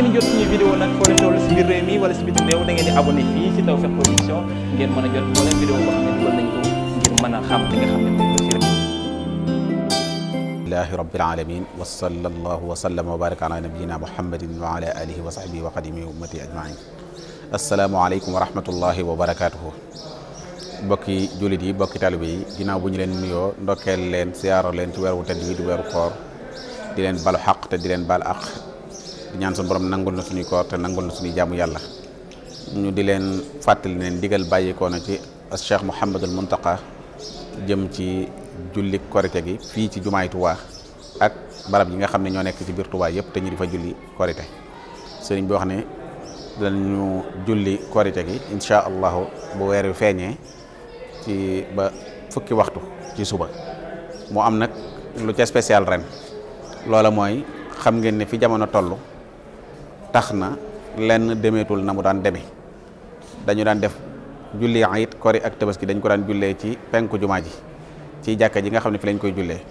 ngeen jot suñu vidéo nag foo leen toll si biir réew mi wala si biti réew da ngeen di abonné fii si Tawfekh Production ngeen mën a jot moo leen vidéo boo xam ne dugal nañ ko ngir mën a xam li nga xam ne moom lañ lillahi rabbil alamin wa sallallahu wa sallama wa baraka ala nabiyyina muhammadin wa ala alihi wa sahbihi wa xadimi ummati ajmain assalaamu aleykum wa rahmatullahi wa barakatuhu mbokki jullit yi mbokki talibe yi ginnaaw bu ñu leen nuyoo ndokkeel leen siyaaro leen ci weer wu tedd wi di weeru koor di leen balu xaq te di leen bal aq di ñaan suñu borom nangul na suñuy koor te nangul na suñuy jaamu yàlla ñu di leen fàttali leen ndigal bàyyikoo na ci Cheikh Mouhamadul Muntaqa jëm ci julli korite gi fii ci jumaay Tuubaa ak barab yi nga xam ne ñoo nekk ci biir Tuubaa yëpp te ñu di fa julli korite sëriñ bi wax ne danañu julli korite gi incha allahu bu weer wi feeñee ci ba fukki waxtu ci suba mu am nag lu ca spécial ren loola mooy xam ngeen ne fi jamono toll tax na lenn demeetul na mu daan deme dañu daan def julli ayit kori ak tabaski dañ ko daan jullee ci penku jumaa ji ci jàkka ji nga xam ne fi lañ koy jullee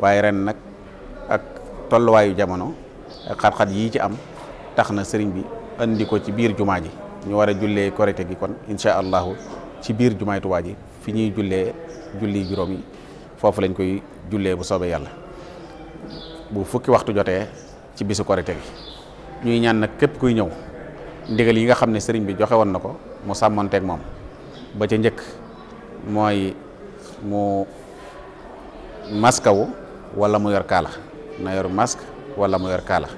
waaye ren nag ak tolluwaayu jamono xat-xat yii ci am tax na sëriñ bi andi ko ci biir jumaa ji ñu war a jullee korite gi kon incha allahu ci biir jumaay Tuubaa ji fi ñuy jullee julli juróom yi foofu lañ koy jullee bu soobee yàlla bu fukki waxtu jotee ci bisu korite gi ñuy ñaan nag képp kuy ñëw ndigal yi nga xam ne sëriñ bi joxe woon na ko mu sàmmonteeg moom ba ca njëkk mooy mu maskawu wala mu yor kaala na yor masque wala mu yor kaala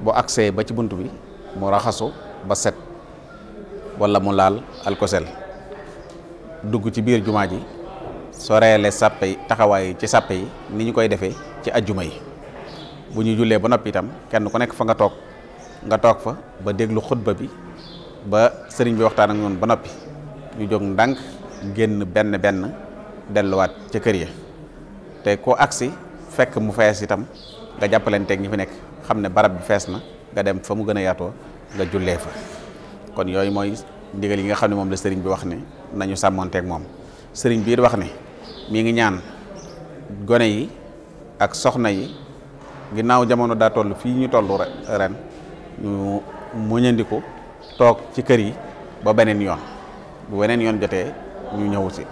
boo agse ba ci bunt bi mu raxasu ba set wala mu laal alkosel dugg ci biir jumaa ji soreele sàppe yi taxawaay yi ci sàppe yi ni ñu koy defee ci ajjuma yi bu ñu jullee ba noppi itam kenn ku nekk fa nga toog nga toog fa ba déglu xutba bi ba sëriñ bi waxtaan ak ñoom ba noppi ñu jóg ndànk génn benn benn delluwaat ca kër ya te ko agsi fekk mu fees itam nga jàppalanteeg ñi fi nekk xam ne barab bi fees na nga dem fa mu gën a yaatoo nga jullee fa kon yooyu mooy ndigal yi nga xam ne moom la sëriñ bi wax ne nañu sàmmoonteeg moom sëriñ bi wax ne mi ngi ñaan gone yi ak soxna yi ginnaaw jamono daa toll fii ñu toll ren ñu muñandiku toog ci kër yi ba beneen yoon bu weneen yoon jotee ñu ñëw si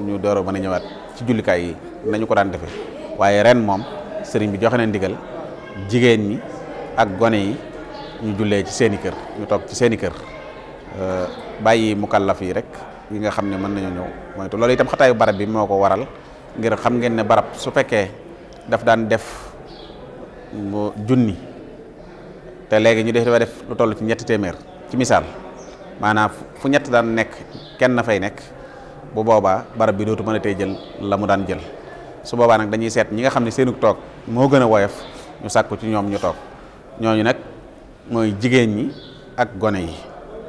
ñu door a mën a ñëwaat ci jullikaay yi nañu ko daan defe waaye ren moom sëriñ bi joxe na ndigal jigéen ñi ak gone yi ñu jullee ci seeni kër ñu toog ci seeni kër euh, bàyyi mu mukallaf yi rek yi nga xam ne mën nañoo ñëw moytu loolu itam xataayu barab bi moo ko waral ngir xam ngeen ne barab su fekkee daf daan def junni te léegi ñu def dafa def lu toll ci ñetti téeméer ci misaal maanaam fu ñett daan nekk kenn fay nekk bu boobaa barab bi dootu mën a tey jël la mu daan jël su boobaa nag dañuy seet ñi nga xam ne seenu toog moo gën a woyof ñu sàkku ci ñoom ñu toog ñooñu nag mooy jigéen ñi ak gone yi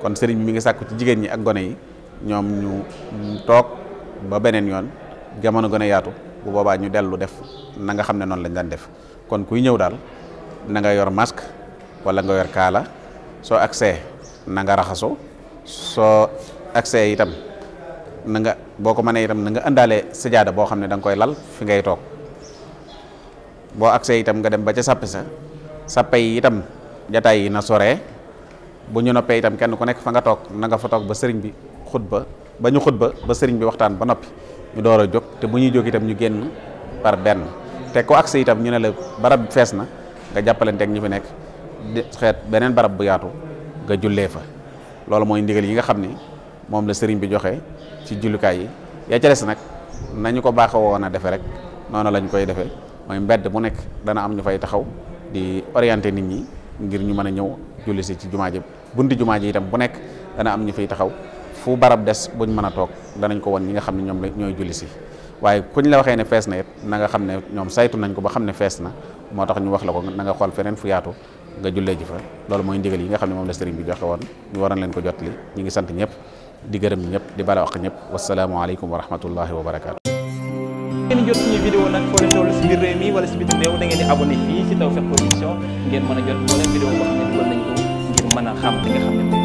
kon sëriñ bi mi ngi sàkku ci jigéen ñi ak gone yi ñoom ñu toog ba beneen yoon jamono gën a yaatu bu boobaa ñu dellu def na nga xam ne noonu lañ daan def kon kuy ñëw daal na nga yor masque wala nga yor kaala soo agsee na nga raxasu soo agsee itam na nga boo ko mënee itam na nga ëndaale sajaada boo xam ne danga koy lal fi ngay toog boo agsee itam nga dem ba ca sàppe sa sàppe yi itam jataay yi na sore bu ñu noppee itam kenn ku nekk fa nga toog na nga fa toog ba sëriñ bi xutba ba ñu xutba ba sëriñ bi waxtaan ba noppi ñu door jóg te bu ñuy jóg itam ñu génn par benn te ko agsi itam ñu ne la barab fees na nga jàppalanteeg ñu fi nekk xeet beneen barab bu yaatu nga jullee fa loolu mooy ndigal yi nga xam ni moom la sëriñ bi joxe ci jullukaay yi yaa des nag nañu ko baaxoo woon a defe rek noonu lañ koy defee mooy mbedd mu nekk dana am ñu fay taxaw di orienté nit ñi ngir ñu mën a ñëw julli ci jumaa ji bunti jumaa ji itam bu nekk dana am ñu fay taxaw fu barab des buñ mën a toog danañ ko won ñi nga ne ñoom la ñooy julli si waaye kuñ la waxee ne fees na it na nga xam ne ñoom saytu nañ ko ba xam ne fees na moo tax ñu wax la ko na nga xool feneen fu yaatu nga jullee ji fa loolu mooy ndigal yi nga xam ne moom la sëriñ bi joxe woon ñu waral leen ko jotli ñu ngi sant ñëpp di gërëm ñëpp di bala wax ñëpp wasalaamualeykum wa rahmatullahi wa barakaatu. ngeen jot suñu vidéo nag réew mi wala si bitim réew da ngeen di abonné fii si Tawfekh Production ngeen mën a jot moo leen vidéo boo xam a nga xam ne